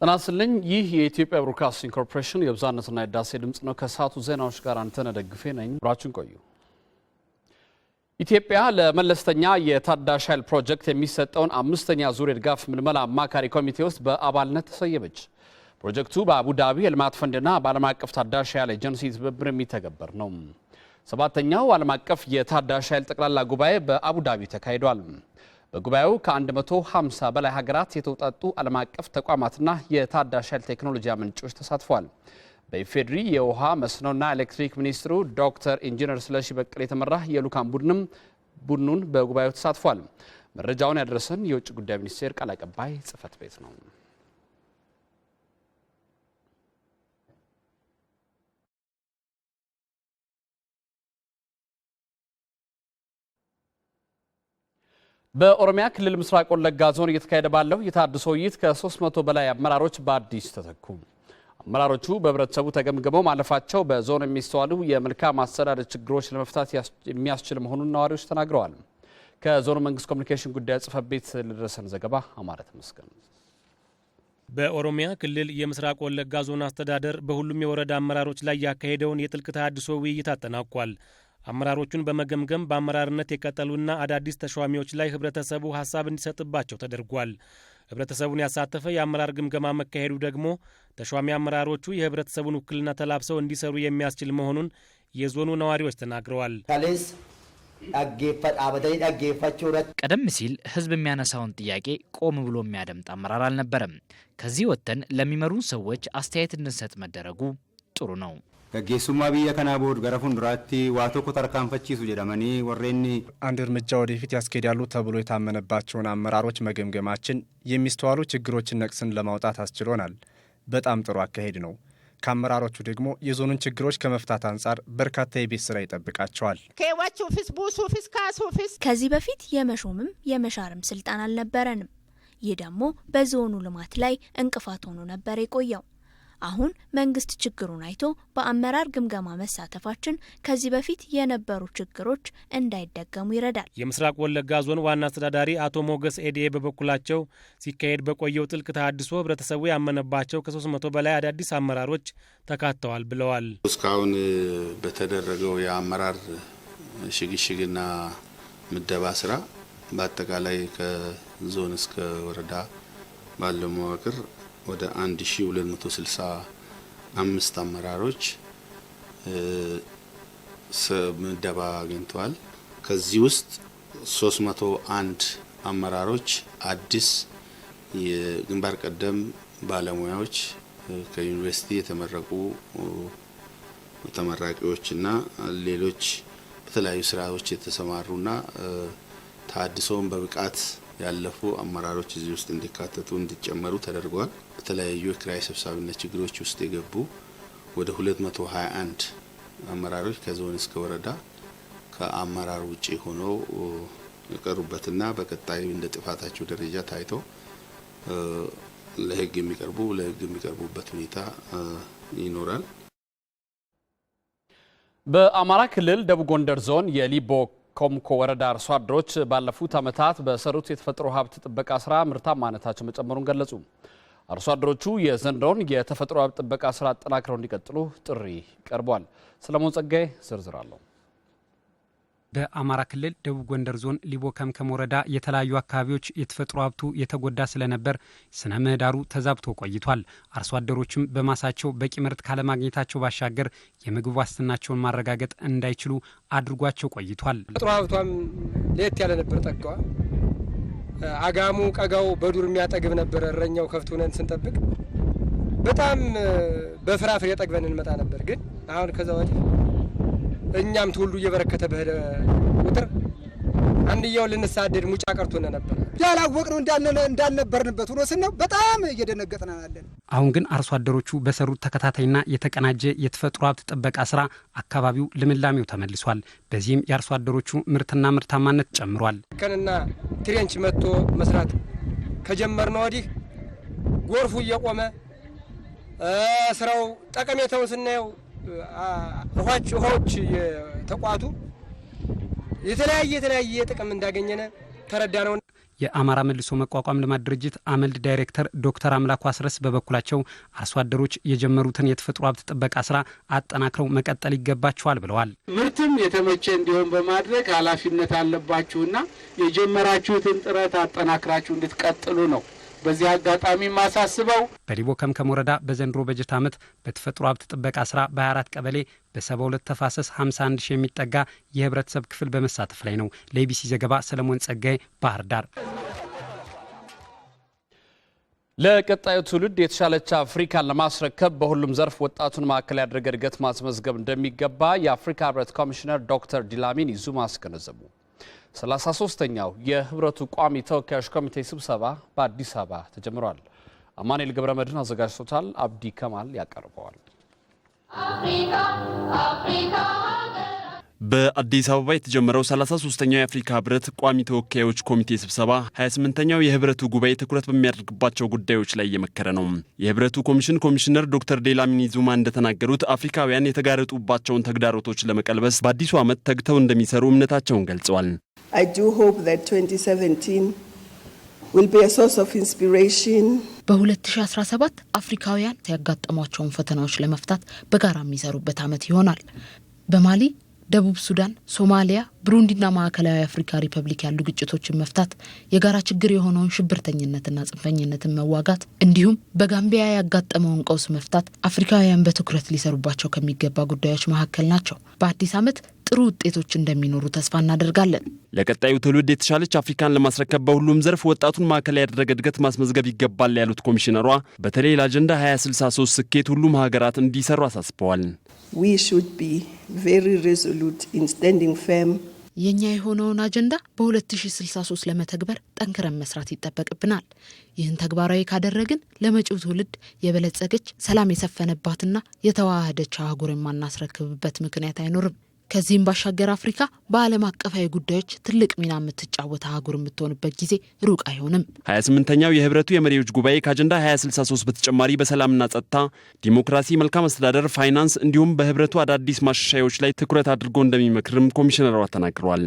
ጤና ይስጥልኝ። ይህ የኢትዮጵያ ብሮድካስቲንግ ኮርፖሬሽን የብዛነትና የዳሴ ድምፅ ነው። ከሰዓቱ ዜናዎች ጋር አንተነህ ደግፌ ነኝ። ብራችን ቆዩ። ኢትዮጵያ ለመለስተኛ የታዳሽ ኃይል ፕሮጀክት የሚሰጠውን አምስተኛ ዙር የድጋፍ ምልመላ አማካሪ ኮሚቴ ውስጥ በአባልነት ተሰየመች። ፕሮጀክቱ በአቡዳቢ የልማት ፈንድና በዓለም አቀፍ ታዳሽ ኃይል ኤጀንሲ ትብብር የሚተገበር ነው። ሰባተኛው ዓለም አቀፍ የታዳሽ ኃይል ጠቅላላ ጉባኤ በአቡዳቢ ተካሂዷል። በጉባኤው ከ150 በላይ ሀገራት የተውጣጡ ዓለም አቀፍ ተቋማትና የታዳሽ ኃይል ቴክኖሎጂ አመንጮች ተሳትፏል። በኢፌዴሪ የውሃ መስኖና ኤሌክትሪክ ሚኒስትሩ ዶክተር ኢንጂነር ስለሺ በቀለ የተመራ የልዑካን ቡድንም ቡድኑን በጉባኤው ተሳትፏል። መረጃውን ያደረሰን የውጭ ጉዳይ ሚኒስቴር ቃል አቀባይ ጽህፈት ቤት ነው። በኦሮሚያ ክልል ምስራቅ ወለጋ ዞን እየተካሄደ ባለው የታድሶ ውይይት ከ300 በላይ አመራሮች በአዲስ ተተኩ። አመራሮቹ በህብረተሰቡ ተገምግመው ማለፋቸው በዞን የሚስተዋሉ የመልካም አስተዳደር ችግሮች ለመፍታት የሚያስችል መሆኑን ነዋሪዎች ተናግረዋል። ከዞኑ መንግስት ኮሚኒኬሽን ጉዳይ ጽህፈት ቤት ለደረሰን ዘገባ አማረ ተመስገን። በኦሮሚያ ክልል የምስራቅ ወለጋ ዞን አስተዳደር በሁሉም የወረዳ አመራሮች ላይ ያካሄደውን የጥልቅ ተሃድሶ ውይይት አጠናቋል። አመራሮቹን በመገምገም በአመራርነት የቀጠሉና አዳዲስ ተሿሚዎች ላይ ህብረተሰቡ ሀሳብ እንዲሰጥባቸው ተደርጓል። ህብረተሰቡን ያሳተፈ የአመራር ግምገማ መካሄዱ ደግሞ ተሿሚ አመራሮቹ የህብረተሰቡን ውክልና ተላብሰው እንዲሰሩ የሚያስችል መሆኑን የዞኑ ነዋሪዎች ተናግረዋል። ቀደም ሲል ህዝብ የሚያነሳውን ጥያቄ ቆም ብሎ የሚያደምጥ አመራር አልነበረም። ከዚህ ወጥተን ለሚመሩን ሰዎች አስተያየት እንድንሰጥ መደረጉ ጥሩ ነው። Gaggeessummaa biyya kanaa booda gara fuulduraatti waa tokko tarkaanfachiisu jedhamanii warreen አንድ እርምጃ ወደፊት ያስኬዳሉ ተብሎ የታመነባቸውን አመራሮች መገምገማችን የሚስተዋሉ ችግሮችን ነቅስን ለማውጣት አስችሎናል። በጣም ጥሩ አካሄድ ነው። ከአመራሮቹ ደግሞ የዞኑን ችግሮች ከመፍታት አንጻር በርካታ የቤት ስራ ይጠብቃቸዋል። ከዚህ በፊት የመሾምም የመሻርም ስልጣን አልነበረንም። ይህ ደግሞ በዞኑ ልማት ላይ እንቅፋት ሆኖ ነበር የቆየው። አሁን መንግስት ችግሩን አይቶ በአመራር ግምገማ መሳተፋችን ከዚህ በፊት የነበሩ ችግሮች እንዳይደገሙ ይረዳል። የምስራቅ ወለጋ ዞን ዋና አስተዳዳሪ አቶ ሞገስ ኤዲኤ በበኩላቸው ሲካሄድ በቆየው ጥልቅ ተሃድሶ ህብረተሰቡ ያመነባቸው ከ መቶ በላይ አዳዲስ አመራሮች ተካተዋል ብለዋል። እስካሁን በተደረገው የአመራር ሽግሽግና ምደባ ስራ በአጠቃላይ ከዞን እስከ ወረዳ ባለው መዋቅር ወደ 1265 አመራሮች ምደባ አግኝተዋል። ከዚህ ውስጥ 301 አመራሮች አዲስ የግንባር ቀደም ባለሙያዎች ከዩኒቨርሲቲ የተመረቁ ተመራቂዎችና ሌሎች በተለያዩ ስራዎች የተሰማሩና ተሀድሶውን በብቃት ያለፉ አመራሮች እዚህ ውስጥ እንዲካተቱ እንዲጨመሩ ተደርጓል። በተለያዩ የክራይ ሰብሳቢነት ችግሮች ውስጥ የገቡ ወደ 221 አመራሮች ከዞን እስከ ወረዳ ከአመራር ውጭ ሆነው የቀሩበትና በቀጣይ እንደ ጥፋታቸው ደረጃ ታይተው ለህግ የሚቀርቡ ለህግ የሚቀርቡበት ሁኔታ ይኖራል። በአማራ ክልል ደቡብ ጎንደር ዞን የሊቦ ኮምኮ ወረዳ አርሶ አደሮች ባለፉት ዓመታት በሰሩት የተፈጥሮ ሀብት ጥበቃ ስራ ምርታማነታቸው መጨመሩን ገለጹ። አርሶ አደሮቹ የዘንድሮውን የተፈጥሮ ሀብት ጥበቃ ስራ አጠናክረው እንዲቀጥሉ ጥሪ ቀርቧል። ሰለሞን ጸጋዬ ዝርዝር አለው። በአማራ ክልል ደቡብ ጎንደር ዞን ሊቦ ከምከም ወረዳ የተለያዩ አካባቢዎች የተፈጥሮ ሀብቱ የተጎዳ ስለነበር ስነ ምህዳሩ ተዛብቶ ቆይቷል። አርሶ አደሮችም በማሳቸው በቂ ምርት ካለማግኘታቸው ባሻገር የምግብ ዋስትናቸውን ማረጋገጥ እንዳይችሉ አድርጓቸው ቆይቷል። ተፈጥሮ ሀብቷም ለየት ያለ ነበር። ጠጋዋ አጋሙ ቀጋው በዱር የሚያጠግብ ነበር። እረኛው ከፍት ሁነን ስንጠብቅ በጣም በፍራፍሬ ጠግበን እንመጣ ነበር። ግን አሁን ከዛ ወዲህ እኛም ትውልዱ እየበረከተ በሄደ ቁጥር አንድያው ልንሳደድ ሙጫ ቀርቶነ ነበር። ያላወቅነው እንዳልነበርንበት ሆኖ ስናየው በጣም እየደነገጥን አለን። አሁን ግን አርሶ አደሮቹ በሰሩት ተከታታይና የተቀናጀ የተፈጥሮ ሀብት ጥበቃ ስራ አካባቢው ልምላሜው ተመልሷል። በዚህም የአርሶ አደሮቹ ምርትና ምርታማነት ጨምሯል። ከንና ትሬንች መጥቶ መስራት ከጀመርነው ወዲህ ጎርፉ እየቆመ ስራው ጠቀሜታውን ስናየው ውሃች ውሃዎች ተቋቱ የተለያየ የተለያየ ጥቅም እንዳገኘነ ተረዳ ነው። የአማራ መልሶ መቋቋም ልማት ድርጅት አመልድ ዳይሬክተር ዶክተር አምላኩ አስረስ በበኩላቸው አርሶ አደሮች የጀመሩትን የተፈጥሮ ሀብት ጥበቃ ስራ አጠናክረው መቀጠል ይገባቸዋል ብለዋል። ምርትም የተመቸ እንዲሆን በማድረግ ኃላፊነት አለባችሁና የጀመራችሁትን ጥረት አጠናክራችሁ እንድትቀጥሉ ነው በዚህ አጋጣሚ ማሳስበው በሊቦ ከምከም ወረዳ በዘንድሮ በጀት ዓመት በተፈጥሮ ሀብት ጥበቃ ስራ በ24 ቀበሌ በ72 ተፋሰስ 51 ሺህ የሚጠጋ የህብረተሰብ ክፍል በመሳተፍ ላይ ነው። ለኢቢሲ ዘገባ ሰለሞን ጸጋይ ባህር ዳር። ለቀጣዩ ትውልድ የተሻለች አፍሪካን ለማስረከብ በሁሉም ዘርፍ ወጣቱን ማዕከል ያደረገ እድገት ማስመዝገብ እንደሚገባ የአፍሪካ ህብረት ኮሚሽነር ዶክተር ዲላሚን ዙማ አስገነዘቡ። 33ኛው የህብረቱ ቋሚ ተወካዮች ኮሚቴ ስብሰባ በአዲስ አበባ ተጀምሯል። አማኔል ገብረ መድን አዘጋጅቶታል። አብዲ ከማል ያቀርበዋል። በአዲስ አበባ የተጀመረው 33ኛው የአፍሪካ ህብረት ቋሚ ተወካዮች ኮሚቴ ስብሰባ 28ኛው የህብረቱ ጉባኤ ትኩረት በሚያደርግባቸው ጉዳዮች ላይ እየመከረ ነው። የህብረቱ ኮሚሽን ኮሚሽነር ዶክተር ዴላሚኒ ዙማ እንደተናገሩት አፍሪካውያን የተጋረጡባቸውን ተግዳሮቶች ለመቀልበስ በአዲሱ ዓመት ተግተው እንደሚሰሩ እምነታቸውን ገልጸዋል። I do hope that 2017 will be a source of inspiration. በ2017 አፍሪካውያን ያጋጠሟቸውን ፈተናዎች ለመፍታት በጋራ የሚሰሩበት ዓመት ይሆናል። በማሊ ደቡብ ሱዳን፣ ሶማሊያ፣ ብሩንዲና ማዕከላዊ አፍሪካ ሪፐብሊክ ያሉ ግጭቶችን መፍታት፣ የጋራ ችግር የሆነውን ሽብርተኝነትና ጽንፈኝነትን መዋጋት እንዲሁም በጋምቢያ ያጋጠመውን ቀውስ መፍታት አፍሪካውያን በትኩረት ሊሰሩባቸው ከሚገባ ጉዳዮች መካከል ናቸው። በአዲስ ዓመት ጥሩ ውጤቶች እንደሚኖሩ ተስፋ እናደርጋለን። ለቀጣዩ ትውልድ የተሻለች አፍሪካን ለማስረከብ በሁሉም ዘርፍ ወጣቱን ማዕከል ያደረገ እድገት ማስመዝገብ ይገባል ያሉት ኮሚሽነሯ በተለይ ለአጀንዳ 2063 ስኬት ሁሉም ሀገራት እንዲሰሩ አሳስበዋል። የእኛ የሆነውን አጀንዳ በ2063 ለመተግበር ጠንክረን መስራት ይጠበቅብናል። ይህን ተግባራዊ ካደረግን ለመጪው ትውልድ የበለጸገች ሰላም የሰፈነባትና የተዋሃደች አህጉር የማናስረክብበት ምክንያት አይኖርም። ከዚህም ባሻገር አፍሪካ በዓለም አቀፋዊ ጉዳዮች ትልቅ ሚና የምትጫወት አህጉር የምትሆንበት ጊዜ ሩቅ አይሆንም። ስምንተኛው የህብረቱ የመሪዎች ጉባኤ ከአጀንዳ 2063 በተጨማሪ በሰላምና ጸጥታ፣ ዲሞክራሲ፣ መልካም አስተዳደር፣ ፋይናንስ እንዲሁም በህብረቱ አዳዲስ ማሻሻያዎች ላይ ትኩረት አድርጎ እንደሚመክርም ኮሚሽነሯ ተናግረዋል።